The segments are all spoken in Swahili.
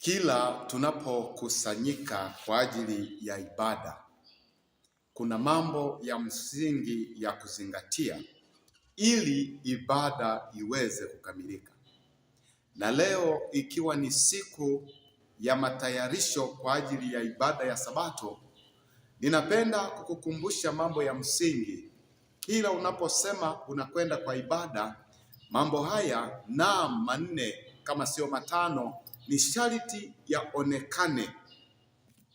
Kila tunapokusanyika kwa ajili ya ibada, kuna mambo ya msingi ya kuzingatia ili ibada iweze kukamilika. Na leo ikiwa ni siku ya matayarisho kwa ajili ya ibada ya Sabato, ninapenda kukukumbusha mambo ya msingi. Kila unaposema unakwenda kwa ibada, mambo haya na manne kama sio matano ni sharti yaonekane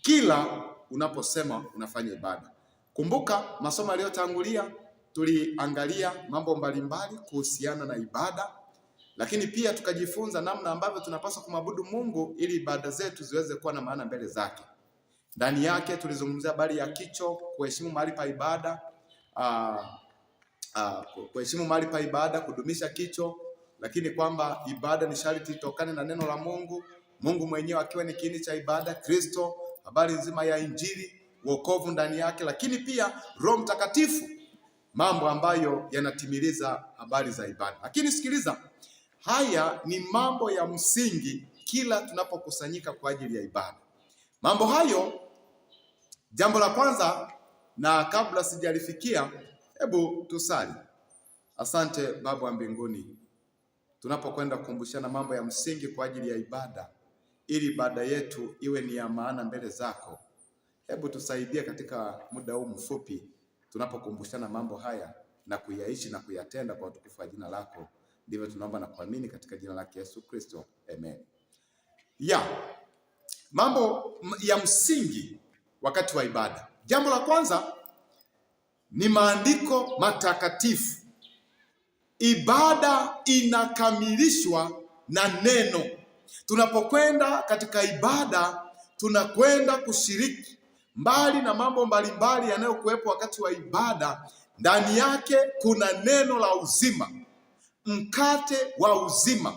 kila unaposema unafanya ibada. Kumbuka masomo yaliyotangulia, tuliangalia mambo mbalimbali kuhusiana na ibada, lakini pia tukajifunza namna ambavyo tunapaswa kumwabudu Mungu ili ibada zetu ziweze kuwa na maana mbele zake. Ndani yake tulizungumzia habari ya kicho, kuheshimu mahali pa ibada, ah, ah, kuheshimu mahali pa ibada, kudumisha kicho lakini kwamba ibada ni sharti itokane na neno la Mungu, Mungu mwenyewe akiwa ni kiini cha ibada, Kristo, habari nzima ya Injili, wokovu ndani yake, lakini pia Roho Mtakatifu, mambo ambayo yanatimiliza habari za ibada. Lakini sikiliza, haya ni mambo ya msingi kila tunapokusanyika kwa ajili ya ibada. Mambo hayo, jambo la kwanza, na kabla sijalifikia, hebu tusali. Asante Baba wa mbinguni tunapokwenda kukumbushana mambo ya msingi kwa ajili ya ibada, ili ibada yetu iwe ni ya maana mbele zako. Hebu tusaidie katika muda huu mfupi tunapokumbushana mambo haya na kuyaishi na kuyatenda kwa utukufu wa jina lako. Ndivyo tunaomba na kuamini katika jina lake Yesu Kristo, amen. Ya mambo ya msingi wakati wa ibada, jambo la kwanza ni maandiko matakatifu ibada inakamilishwa na neno. Tunapokwenda katika ibada, tunakwenda kushiriki mbali na mambo mbalimbali yanayokuwepo wakati wa ibada, ndani yake kuna neno la uzima, mkate wa uzima.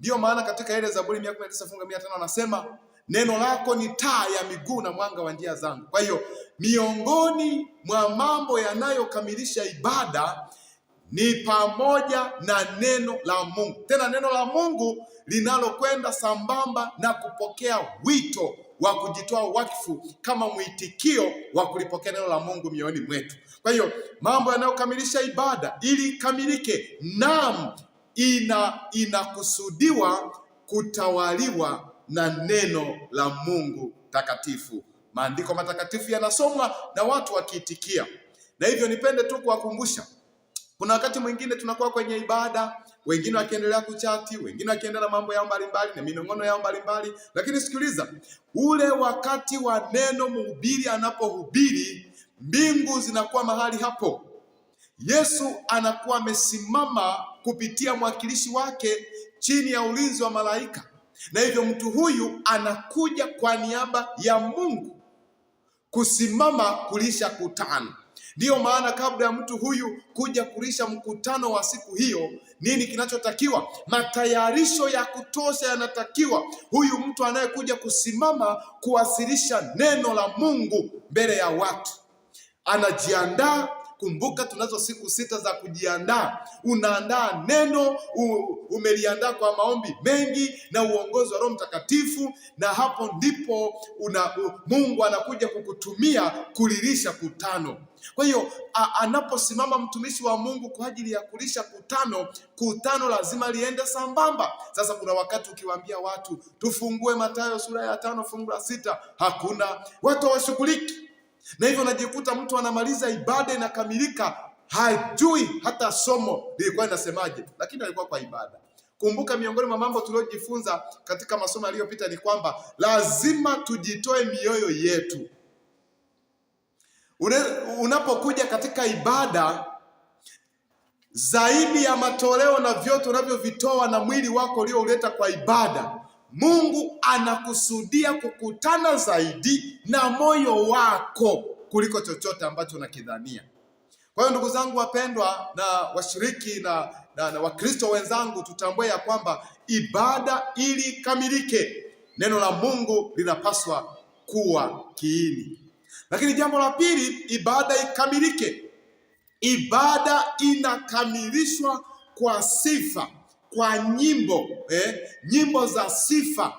Ndiyo maana katika ile Zaburi 119 fungu 5 anasema neno lako ni taa ya miguu na mwanga wa njia zangu. Kwa hiyo miongoni mwa mambo yanayokamilisha ibada ni pamoja na neno la Mungu, tena neno la Mungu linalokwenda sambamba na kupokea wito wa kujitoa wakfu kama mwitikio wa kulipokea neno la Mungu mioyoni mwetu. Kwa hiyo mambo yanayokamilisha ibada ili ikamilike, naam, ina inakusudiwa kutawaliwa na neno la Mungu takatifu. Maandiko matakatifu yanasomwa na watu wakiitikia, na hivyo nipende tu kuwakumbusha kuna wakati mwingine tunakuwa kwenye ibada, wengine wakiendelea kuchati, wengine wakiendelea na mambo yao mbalimbali na minong'ono yao mbalimbali, lakini sikiliza, ule wakati wa neno, mhubiri anapohubiri, mbingu zinakuwa mahali hapo. Yesu anakuwa amesimama kupitia mwakilishi wake chini ya ulinzi wa malaika, na hivyo mtu huyu anakuja kwa niaba ya Mungu kusimama kulisha kutano Ndiyo maana kabla ya mtu huyu kuja kulisha mkutano wa siku hiyo, nini kinachotakiwa? Matayarisho ya kutosha yanatakiwa, huyu mtu anayekuja kusimama kuwasilisha neno la Mungu mbele ya watu anajiandaa. Kumbuka, tunazo siku sita za kujiandaa. Unaandaa neno, umeliandaa kwa maombi mengi na uongozi wa Roho Mtakatifu, na hapo ndipo una, Mungu anakuja kukutumia kulilisha kutano. Kwa hiyo anaposimama mtumishi wa Mungu kwa ajili ya kulisha kutano, kutano lazima liende sambamba. Sasa kuna wakati ukiwaambia watu tufungue Mathayo sura ya tano fungu la sita, hakuna watu hawashughuliki na hivyo unajikuta mtu anamaliza ibada inakamilika, hajui hata somo lilikuwa linasemaje, lakini alikuwa kwa ibada. Kumbuka, miongoni mwa mambo tuliojifunza katika masomo yaliyopita ni kwamba lazima tujitoe mioyo yetu Unapokuja katika ibada, zaidi ya matoleo na vyote unavyovitoa na mwili wako uliouleta kwa ibada, Mungu anakusudia kukutana zaidi na moyo wako kuliko chochote ambacho unakidhania. Kwa hiyo ndugu zangu wapendwa na washiriki na, na, na Wakristo wenzangu, tutambue ya kwamba ibada ili kamilike neno la Mungu linapaswa kuwa kiini lakini jambo la pili, ibada ikamilike. Ibada inakamilishwa kwa sifa, kwa nyimbo eh, nyimbo za sifa.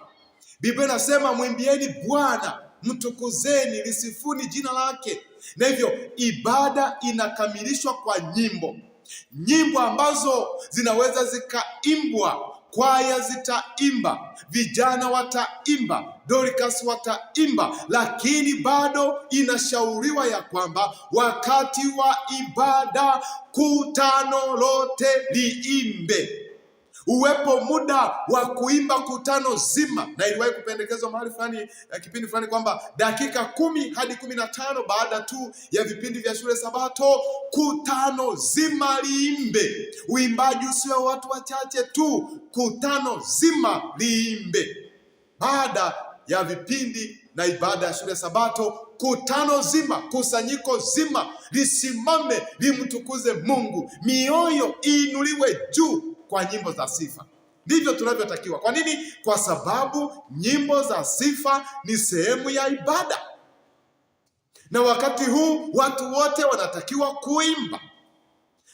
Biblia inasema mwimbieni Bwana, mtukuzeni, lisifuni jina lake. Na hivyo ibada inakamilishwa kwa nyimbo nyimbo ambazo zinaweza zikaimbwa, kwaya zitaimba, vijana wataimba, Dorcas wataimba, lakini bado inashauriwa ya kwamba wakati wa ibada kutano lote liimbe uwepo muda wa kuimba kutano zima, na iliwahi kupendekezwa mahali fulani ya eh, kipindi fulani kwamba dakika kumi hadi kumi na tano baada tu ya vipindi vya shule Sabato, kutano zima liimbe. Uimbaji usio wa watu wachache tu, kutano zima liimbe baada ya vipindi na ibada ya shule Sabato kutano zima, kusanyiko zima lisimame, limtukuze Mungu, mioyo iinuliwe juu kwa nyimbo za sifa. Ndivyo tunavyotakiwa. Kwa nini? Kwa sababu nyimbo za sifa ni sehemu ya ibada, na wakati huu watu wote wanatakiwa kuimba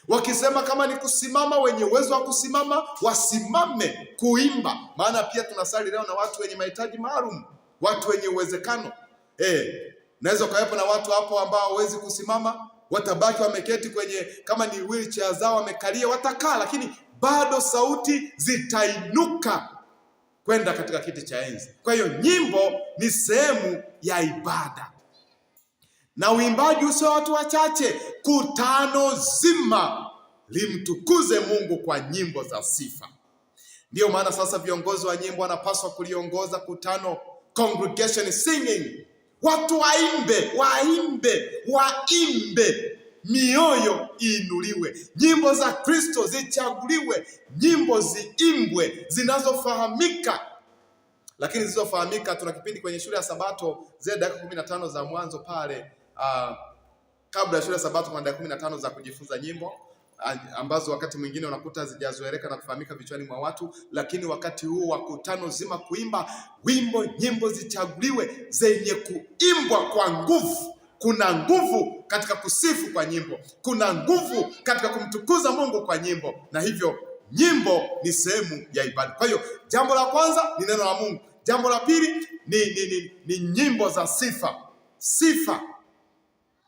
wakisema kama ni kusimama, wenye uwezo wa kusimama wasimame kuimba, maana pia tunasali leo na watu wenye mahitaji maalum, watu wenye uwezekano e, naweza ukawepo na watu hapo ambao hawezi kusimama, watabaki wameketi kwenye, kama ni wheelchair zao wamekalia, watakaa, lakini bado sauti zitainuka kwenda katika kiti cha enzi. Kwa hiyo nyimbo ni sehemu ya ibada na uimbaji usio watu wachache. Kutano zima limtukuze Mungu kwa nyimbo za sifa. Ndiyo maana sasa viongozi wa nyimbo wanapaswa kuliongoza kutano, congregation singing. Watu waimbe, waimbe, waimbe mioyo iinuliwe, nyimbo za Kristo zichaguliwe, nyimbo ziimbwe zinazofahamika, lakini zilizofahamika. Tuna kipindi kwenye shule ya Sabato zile dakika 15 za mwanzo pale, uh, kabla ya shule ya Sabato kuna dakika 15 za kujifunza nyimbo ambazo wakati mwingine unakuta hazijazoeleka na kufahamika vichwani mwa watu, lakini wakati huu wa kutano zima kuimba wimbo, nyimbo zichaguliwe zenye kuimbwa kwa nguvu kuna nguvu katika kusifu kwa nyimbo, kuna nguvu katika kumtukuza Mungu kwa nyimbo, na hivyo nyimbo ni sehemu ya ibada. Kwa hiyo jambo la kwanza ni neno la Mungu, jambo la pili ni, ni, ni, ni nyimbo za sifa. Sifa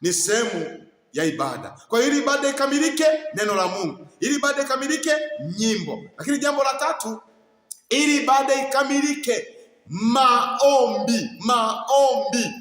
ni sehemu ya ibada. Kwa hiyo ili ibada ikamilike, neno la Mungu, ili ibada ikamilike, nyimbo. Lakini jambo la tatu, ili ibada ikamilike, maombi, maombi,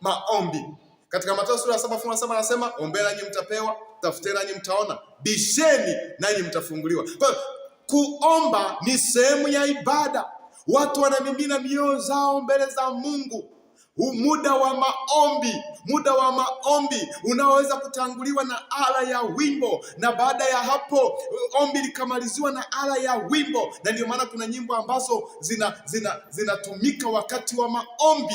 maombi katika Mathayo sura ya 7:7 anasema ombeni nanyi mtapewa, tafuteni nanyi mtaona, bisheni nanyi mtafunguliwa. Kwa hiyo kuomba ni sehemu ya ibada. Watu wanamimina mioyo zao mbele za Mungu. Muda wa maombi, muda wa maombi unaoweza kutanguliwa na ala ya wimbo, na baada ya hapo ombi likamaliziwa na ala ya wimbo. Na ndio maana kuna nyimbo ambazo zinatumika zina, zina wakati wa maombi.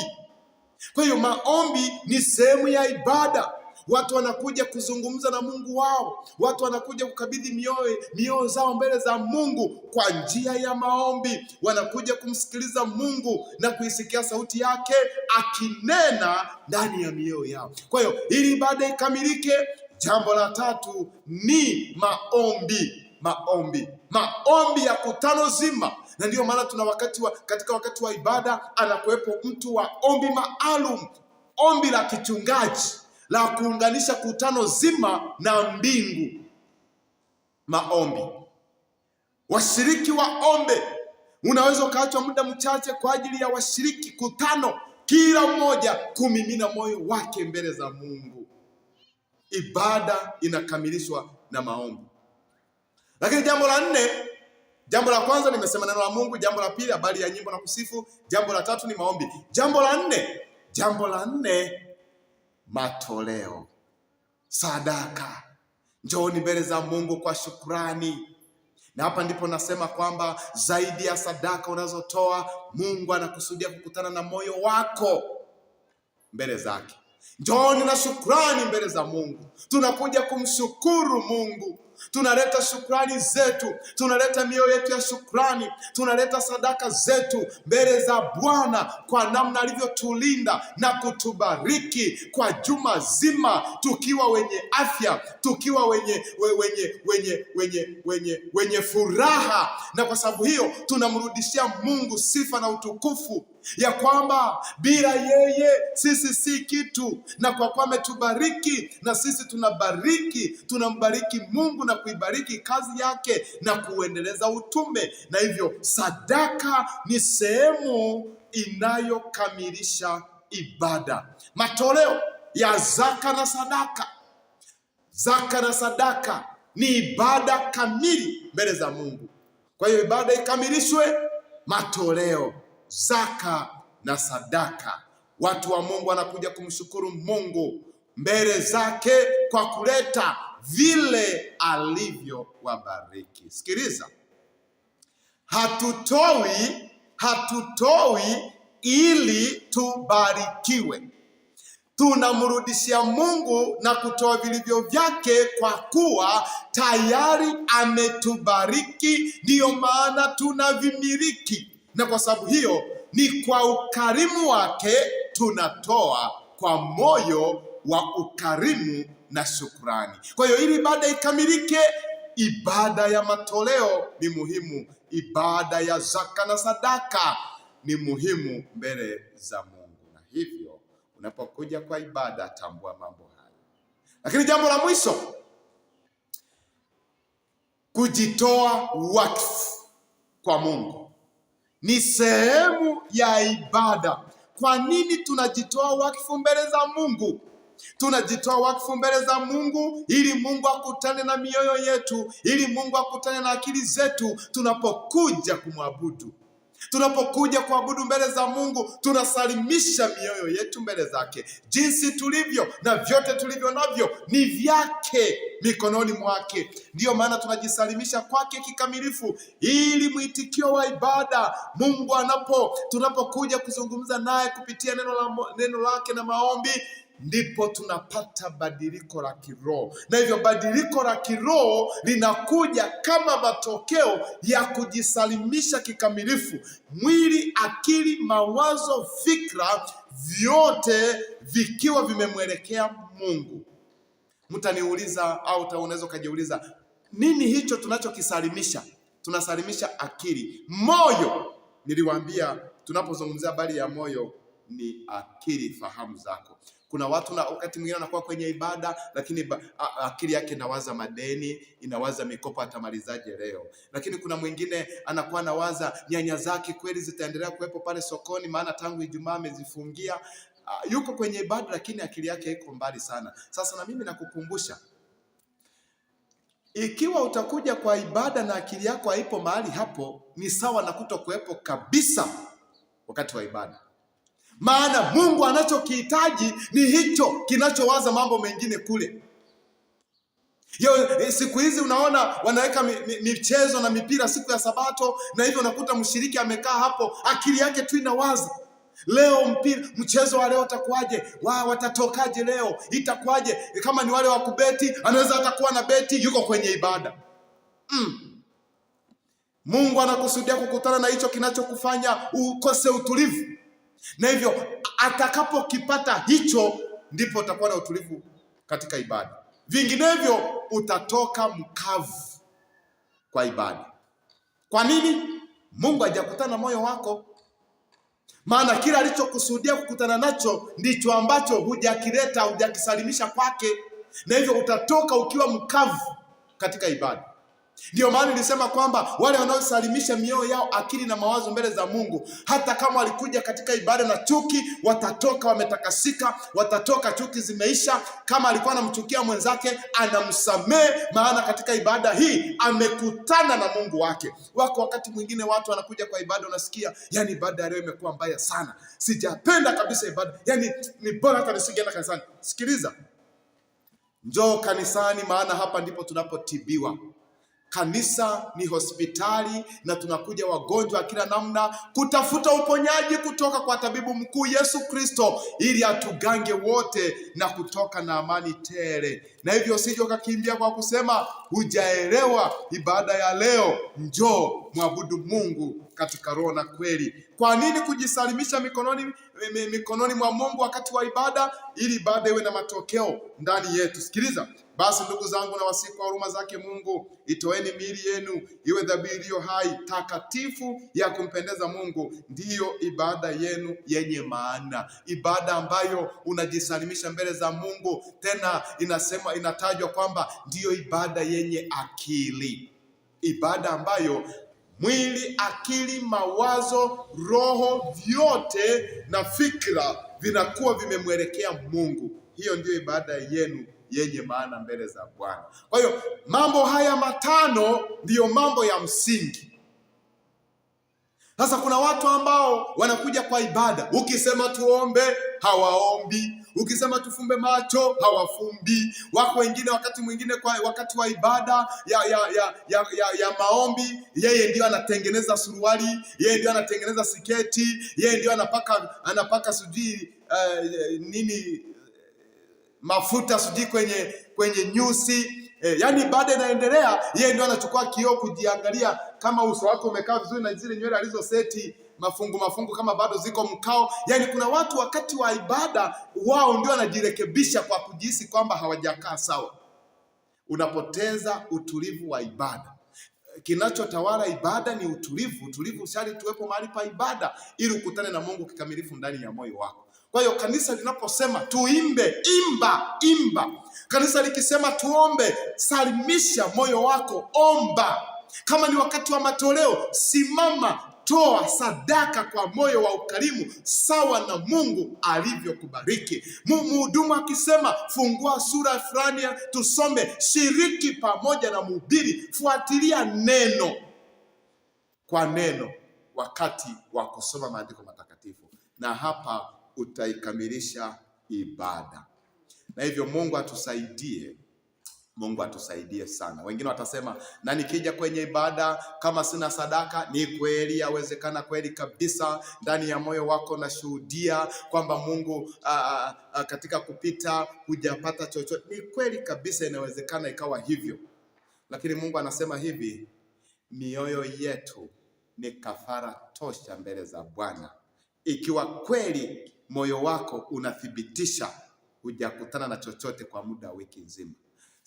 Kwa hiyo maombi ni sehemu ya ibada. Watu wanakuja kuzungumza na Mungu wao, watu wanakuja kukabidhi mioyo mioyo zao mbele za Mungu kwa njia ya maombi. Wanakuja kumsikiliza Mungu na kuisikia sauti yake akinena ndani ya mioyo yao. Kwa hiyo ili ibada ikamilike, jambo la tatu ni maombi. Maombi, maombi ya kutano zima na ndio maana tuna wakati wa, katika wakati wa ibada anakuwepo mtu wa ombi maalum, ombi la kichungaji la kuunganisha kutano zima na mbingu. Maombi, washiriki waombe. Unaweza ukaachwa muda mchache kwa ajili ya washiriki kutano, kila mmoja kumimina moyo wake mbele za Mungu. Ibada inakamilishwa na maombi. Lakini jambo la nne Jambo la kwanza nimesema neno la Mungu, jambo la pili habari ya nyimbo na kusifu, jambo la tatu ni maombi, jambo la nne, jambo la nne matoleo, sadaka. Njooni mbele za Mungu kwa shukrani, na hapa ndipo nasema kwamba zaidi ya sadaka unazotoa Mungu anakusudia kukutana na moyo wako mbele zake. Njooni na shukrani mbele za Mungu, tunakuja kumshukuru Mungu tunaleta shukrani zetu, tunaleta mioyo yetu ya shukrani, tunaleta sadaka zetu mbele za Bwana kwa namna alivyotulinda na kutubariki kwa juma zima, tukiwa wenye afya, tukiwa wenye wenye wenye wenye wenye wenye furaha, na kwa sababu hiyo tunamrudishia Mungu sifa na utukufu ya kwamba bila yeye sisi si kitu, na kwa kuwa ametubariki na sisi tunabariki, tunambariki Mungu na kuibariki kazi yake na kuendeleza utume, na hivyo sadaka ni sehemu inayokamilisha ibada. Matoleo ya zaka na sadaka, zaka na sadaka ni ibada kamili mbele za Mungu. Kwa hiyo ibada ikamilishwe matoleo zaka na sadaka. Watu wa Mungu wanakuja kumshukuru Mungu mbele zake kwa kuleta vile alivyo wabariki Sikiliza, hatutoi hatutoi ili tubarikiwe, tunamrudishia Mungu na kutoa vilivyo vyake, kwa kuwa tayari ametubariki, ndiyo maana tunavimiliki na kwa sababu hiyo ni kwa ukarimu wake tunatoa kwa moyo wa ukarimu na shukrani. Kwa hiyo ili ibada ikamilike, ibada ya matoleo ni muhimu, ibada ya zaka na sadaka ni muhimu mbele za Mungu, na hivyo unapokuja kwa ibada, tambua mambo haya. Lakini jambo la mwisho, kujitoa wakfu kwa Mungu ni sehemu ya ibada. Kwa nini tunajitoa wakfu mbele za Mungu? Tunajitoa wakfu mbele za Mungu ili Mungu akutane na mioyo yetu, ili Mungu akutane na akili zetu tunapokuja kumwabudu. Tunapokuja kuabudu mbele za Mungu, tunasalimisha mioyo yetu mbele zake. Jinsi tulivyo na vyote tulivyo navyo ni vyake, mikononi mwake. Ndiyo maana tunajisalimisha kwake kikamilifu, ili mwitikio wa ibada Mungu anapo, tunapokuja kuzungumza naye kupitia neno, la, neno lake na maombi ndipo tunapata badiliko la kiroho, na hivyo badiliko la kiroho linakuja kama matokeo ya kujisalimisha kikamilifu mwili, akili, mawazo, fikra, vyote vikiwa vimemwelekea Mungu. Mtaniuliza au unaweza ukajiuliza, nini hicho tunachokisalimisha? Tunasalimisha akili, moyo. Niliwaambia tunapozungumzia habari ya moyo ni akili fahamu zako. Kuna watu na wakati mwingine anakuwa kwenye ibada, lakini akili yake inawaza madeni, inawaza mikopo atamalizaje leo. Lakini kuna mwingine anakuwa anawaza nyanya zake kweli zitaendelea kuwepo pale sokoni, maana tangu Ijumaa amezifungia. yuko kwenye ibada lakini akili yake iko mbali sana. Sasa na mimi nakukumbusha ikiwa utakuja kwa ibada na akili yako haipo mahali hapo, ni sawa na kuwepo kabisa wakati wa ibada maana Mungu anachokihitaji ni hicho kinachowaza mambo mengine kule. Yo, e, siku hizi unaona wanaweka michezo mi, mi na mipira siku ya Sabato, na hivyo unakuta mshiriki amekaa hapo akili yake tu inawaza leo mpira, mchezo wa leo utakuwaje? Wa watatokaje leo, itakuwaje? E, kama ni wale wa kubeti, anaweza atakuwa na beti, yuko kwenye ibada mm. Mungu anakusudia kukutana na hicho kinachokufanya ukose utulivu na hivyo atakapokipata hicho, ndipo utakuwa na utulivu katika ibada, vinginevyo utatoka mkavu kwa ibada. Kwa nini? Mungu hajakutana moyo wako, maana kila alichokusudia kukutana nacho ndicho ambacho hujakileta, hujakisalimisha kwake, na hivyo utatoka ukiwa mkavu katika ibada ndio maana nilisema kwamba wale wanaosalimisha mioyo yao akili na mawazo mbele za Mungu, hata kama walikuja katika ibada na chuki, watatoka wametakasika, watatoka chuki zimeisha. Kama alikuwa anamchukia mwenzake, anamsamehe, maana katika ibada hii amekutana na Mungu wake. Wako wakati mwingine watu wanakuja kwa ibada, unasikia yani, ibada leo imekuwa mbaya sana, sijapenda kabisa ibada, yani ni bora hata nisingeenda kanisani. Sikiliza, njoo kanisani, maana hapa ndipo tunapotibiwa. Kanisa ni hospitali na tunakuja wagonjwa kila namna kutafuta uponyaji kutoka kwa tabibu mkuu Yesu Kristo, ili atugange wote na kutoka na amani tele. Na hivyo usije ukakimbia kwa kusema hujaelewa ibada ya leo, njoo mwabudu Mungu katika roho na kweli. Kwa nini kujisalimisha mikononi, mikononi mwa Mungu wakati wa ibada? Ili ibada iwe na matokeo ndani yetu. Sikiliza basi, ndugu zangu, na wasifu kwa huruma zake Mungu, itoeni miili yenu iwe dhabihu iliyo hai, takatifu, ya kumpendeza Mungu, ndiyo ibada yenu yenye maana, ibada ambayo unajisalimisha mbele za Mungu. Tena inasema inatajwa kwamba ndiyo ibada yenye akili, ibada ambayo Mwili, akili, mawazo, roho vyote na fikra vinakuwa vimemwelekea Mungu. Hiyo ndiyo ibada yenu yenye maana mbele za Bwana. Kwa hiyo mambo haya matano ndiyo mambo ya msingi. Sasa kuna watu ambao wanakuja kwa ibada, ukisema tuombe hawaombi, Ukisema tufumbe macho hawafumbi. Wako wengine wakati mwingine kwa wakati wa ibada ya ya ya, ya, ya, ya maombi, yeye ndio anatengeneza suruali, yeye ndio anatengeneza siketi, yeye ndio anapaka anapaka sijui uh, nini mafuta sijui kwenye kwenye nyusi E, yaani baada inaendelea, yeye ndio anachukua kioo kujiangalia kama uso wako umekaa vizuri na zile nywele alizoseti mafungu mafungu kama bado ziko mkao. Yani kuna watu wakati wa ibada wao ndio wanajirekebisha kwa kujihisi kwamba hawajakaa sawa. Unapoteza utulivu wa ibada. Kinachotawala ibada ni utulivu. Utulivu shari tuwepo mahali pa ibada, ili ukutane na Mungu kikamilifu ndani ya moyo wako. Kwa hiyo kanisa linaposema tuimbe, imba, imba. Kanisa likisema tuombe, salimisha moyo wako, omba. Kama ni wakati wa matoleo, simama, toa sadaka kwa moyo wa ukarimu, sawa na Mungu alivyokubariki. Mhudumu akisema fungua sura fulani, tusome, shiriki pamoja na mhubiri, fuatilia neno kwa neno wakati wa kusoma maandiko matakatifu, na hapa utaikamilisha ibada. Na hivyo Mungu atusaidie Mungu atusaidie sana. Wengine watasema na nikija kwenye ibada kama sina sadaka, ni kweli, yawezekana kweli kabisa, ndani ya moyo wako nashuhudia kwamba Mungu a, a, katika kupita hujapata chochote. Ni kweli kabisa, inawezekana ikawa hivyo, lakini Mungu anasema hivi, mioyo yetu ni kafara tosha mbele za Bwana. Ikiwa kweli moyo wako unathibitisha hujakutana na chochote kwa muda wa wiki nzima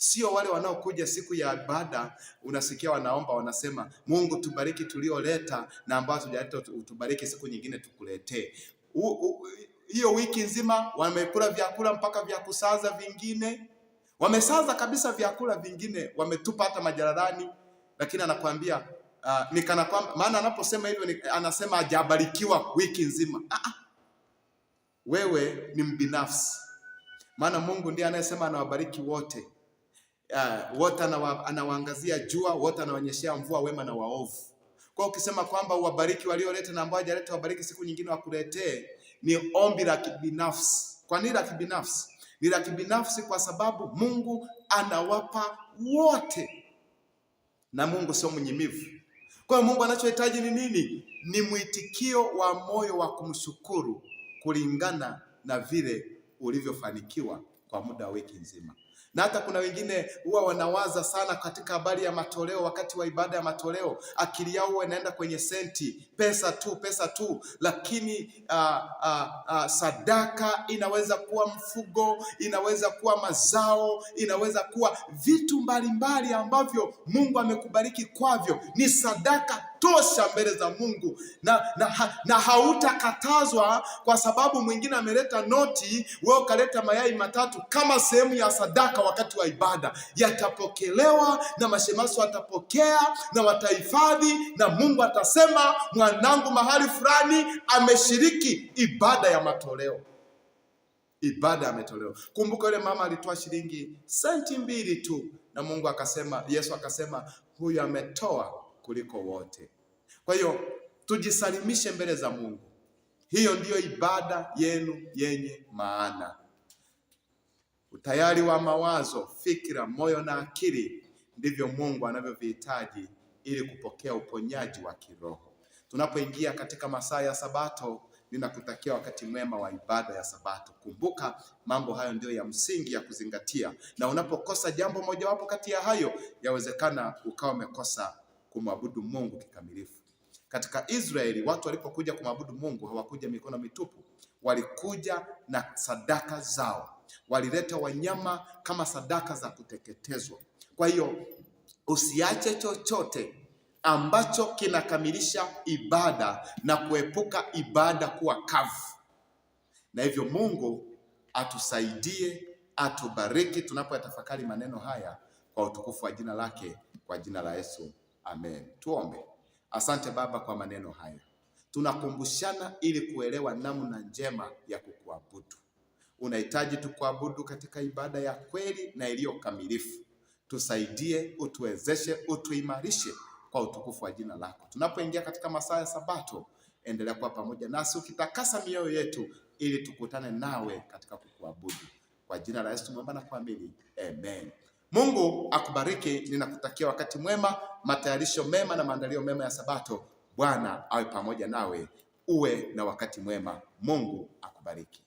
sio wale wanaokuja siku ya ibada, unasikia wanaomba, wanasema Mungu tubariki tulioleta na ambao tujaleta utubariki, siku nyingine tukuletee. Hiyo wiki nzima wamekula vyakula mpaka vya kusaza, vingine wamesaza kabisa vyakula, vingine wametupa hata majaradani, lakini anakuambia uh, ni kana kwamba maana anaposema hivyo anasema hajabarikiwa wiki nzima. Ah, ah, wewe ni mbinafsi, maana Mungu ndiye anayesema anawabariki wote uh, wote anawaangazia jua, wote anawanyeshea mvua wema na waovu. Kwa ukisema kwamba uwabariki walioleta na ambao hajaleta wabariki, siku nyingine wakuletee, ni ombi la kibinafsi. Kwa nini la kibinafsi? Ni la kibinafsi kwa sababu Mungu anawapa wote, na Mungu sio mnyimivu. Kwa hiyo Mungu anachohitaji ni nini? Ni mwitikio wa moyo wa kumshukuru kulingana na vile ulivyofanikiwa kwa muda wa wiki nzima na hata kuna wengine huwa wanawaza sana katika habari ya matoleo. Wakati wa ibada ya matoleo, akili yao huwa inaenda kwenye senti, pesa tu, pesa tu, lakini uh, uh, uh, sadaka inaweza kuwa mfugo, inaweza kuwa mazao, inaweza kuwa vitu mbalimbali ambavyo Mungu amekubariki kwavyo, ni sadaka tosha mbele za Mungu na, na, na hautakatazwa kwa sababu mwingine ameleta noti, wewe ukaleta mayai matatu kama sehemu ya sadaka wakati wa ibada. Yatapokelewa na mashemasi watapokea na watahifadhi, na Mungu atasema mwanangu mahali fulani ameshiriki ibada ya matoleo ibada ametolewa. Kumbuka yule mama alitoa shilingi senti mbili tu, na Mungu akasema, Yesu akasema, huyu ametoa kuliko wote. Kwa hiyo tujisalimishe mbele za Mungu. Hiyo ndiyo ibada yenu yenye maana. Utayari wa mawazo, fikira, moyo na akili ndivyo Mungu anavyovihitaji ili kupokea uponyaji wa kiroho. Tunapoingia katika masaa ya Sabato, ninakutakia wakati mwema wa ibada ya Sabato. Kumbuka mambo hayo ndiyo ya msingi ya kuzingatia, na unapokosa jambo mojawapo kati ya hayo, yawezekana ukawa umekosa kumwabudu Mungu kikamilifu. Katika Israeli watu walipokuja kumwabudu Mungu hawakuja mikono mitupu, walikuja na sadaka zao, walileta wanyama kama sadaka za kuteketezwa. Kwa hiyo usiache chochote ambacho kinakamilisha ibada na kuepuka ibada kuwa kavu. Na hivyo Mungu atusaidie, atubariki tunapoyatafakari maneno haya kwa utukufu wa jina lake, kwa jina la Yesu. Amen. Tuombe. Asante Baba kwa maneno haya, tunakumbushana ili kuelewa namna njema ya kukuabudu. Unahitaji tukuabudu katika ibada ya kweli na iliyo kamilifu. Tusaidie, utuwezeshe, utuimarishe kwa utukufu wa jina lako. Tunapoingia katika masaa ya Sabato, endelea kuwa pamoja nasi ukitakasa mioyo yetu ili tukutane nawe katika kukuabudu. Kwa jina la Yesu tumeomba na kuamini. Amen. Mungu akubariki, ninakutakia wakati mwema, matayarisho mema na maandalio mema ya Sabato. Bwana awe pamoja nawe, uwe na wakati mwema. Mungu akubariki.